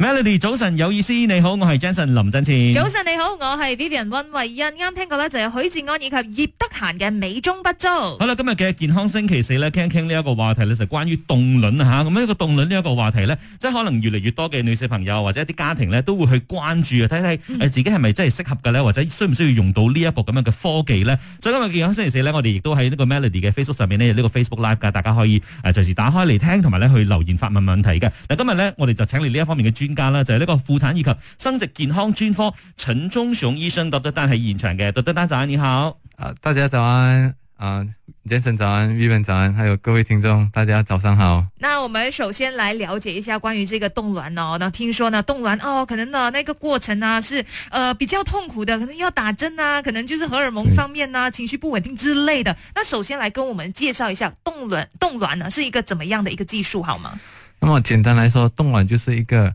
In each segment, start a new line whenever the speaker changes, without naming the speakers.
Melody，早晨有意思，你好，我係 Jason 林振前。早晨
你好，我係 Vivian 溫慧欣。啱聽過咧就係許志安以及葉德嫻嘅美中不足。
好啦，今日嘅健康星期四咧，傾一傾呢一個話題咧就係關於凍卵吓，咁呢個凍卵呢一個話題咧，即係可能越嚟越多嘅女性朋友或者一啲家庭咧都會去關注啊，睇睇自己係咪真係適合嘅咧，或者需唔需要用到呢一個咁樣嘅科技咧？所以今日健康星期四咧，我哋亦都喺呢個 Melody 嘅 Facebook 上面咧呢個 Facebook Live 噶，大家可以誒隨時打開嚟聽，同埋咧去留言發問問題嘅。嗱今日咧我哋就請你呢一方面嘅專專家呢，就係呢個婦產以及生殖健康專科陳忠雄醫生答得單係現場嘅，答得單早安你好。啊、呃、大家早安，啊 Jason 早安，Vivian 早安，還
有各位聽眾，大家早上好。
那我們首先來了解一下關於這個凍卵哦，那聽說呢凍卵哦，可能呢那個過程呢，啊、是，呃比較痛苦的，可能要打針啊，可能就是荷爾蒙對方面啊，情緒不穩定之類的。那首先來跟我們介紹一下凍卵，凍卵呢是一個怎麼樣的一個技術好嗎？
那麼簡單來說，凍卵就是一個。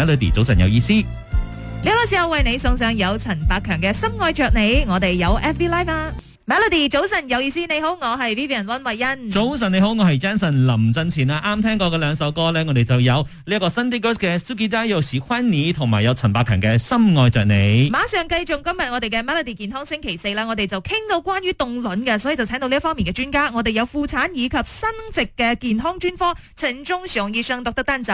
Melody 早晨有意思，
呢個時候為你送上有陳百強嘅《深愛着你》，我哋有 FB Live 啊。Melody 早晨有意思，你好，我係 Vivian 温慧欣。
早晨你好，我係 Jason 林振前啊，啱聽過嘅兩首歌咧，我哋就有呢一個 Sunday Girls 嘅 Suki Di y o u s Quannie，同埋有陳百強嘅《深愛着你》。馬
上繼續今日我哋嘅 Melody 健康星期四啦，我哋就傾到關於凍卵嘅，所以就請到呢一方面嘅專家，我哋有婦產以及生殖嘅健康專科，陳忠常醫生 d 得 c 單就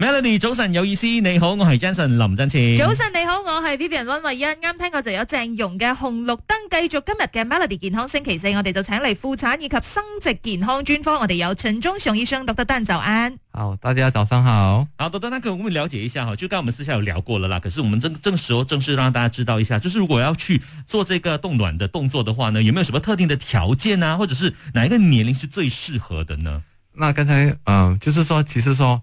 Melody，早晨有意思。你好，我是 Jensen 林振前。早晨
你好，我是 Vivian 溫慧欣。啱聽過就有鄭融嘅紅綠燈。繼續今日嘅 Melody 健康星期四，我哋就請嚟婦產以及生殖健康專科，我哋有陳忠雄醫生讀得丹，早安。
好，
大家早上好。
好，多得那佢、個、我們了解一下就剛剛我們私下有聊過了啦。可是我們正正式正式讓大家知道一下，就是如果要去做這個凍卵的動作的話呢，有沒有什麼特定的條件啊？或者是哪一個年齡是最適合的呢？
那剛才，
嗯、呃，就是說，
其實說。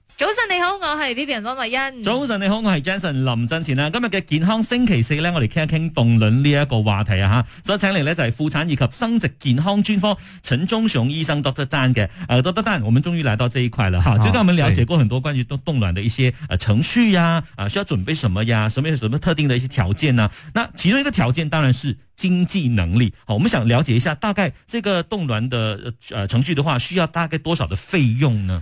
早晨你
好，我係 Vivian 溫慧欣。早晨你好，我係 Jensen 林振前啊。今日嘅健康星期四呢，我哋傾一傾凍卵呢一個話題啊吓。所以請嚟呢就係、是、婦產以及生殖健康專科陳忠雄醫生 Doctor Dan 嘅。誒、呃、，Doctor Dan，我們終於來到這一塊了哈，最近我們了解過很多關於凍凍卵的一些誒程序呀，啊，對需要準備什麼呀、啊？什麼什麼特定的一些條件呢、啊？那其中一個條件當然是經濟能力。好，我們想了解一下，大概這個凍卵的誒程序的話，需要大概多少的費用呢？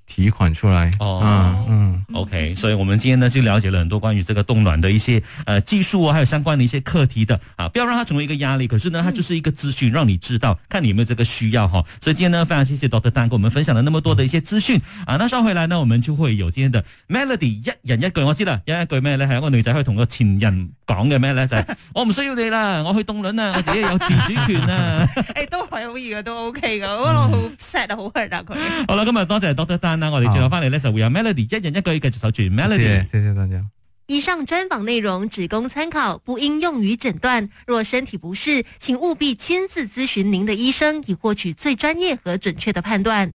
提款出來哦，oh, 嗯，OK，所以，我們今天呢就了解了很多關於這個凍卵的一些，呃，技術啊，還有相關的一些課題的，啊，不要讓它成為一個壓力，可是呢，它就是一個資訊，讓你知道，看你有沒有這個需要哈、啊。所以今天呢，非常謝謝 doctor Dan 跟我們分享了那麼多的一些資訊啊。那收回來呢，我們就會有今天的 Melody 一人一句，我知啦，有一句咩咧，係一個女仔可以同個情人講嘅咩咧，就係、是、 我唔需要你啦，我去凍卵啊，我自己有自主權啊。誒、 欸，
都係好易呀，都 OK 嘅，不過
我、嗯、好 sad 啊，好屈啊佢。好啦，今日多謝 d o c 嗱，那我哋最後翻嚟咧，就會有 melody 好一人一句，繼續守住 melody。謝謝大家。謝謝。
以上專訪內容只供參考，不應用於診斷。若身體不適，請務必親自諮詢您的醫生，以獲取最專業和準確的判斷。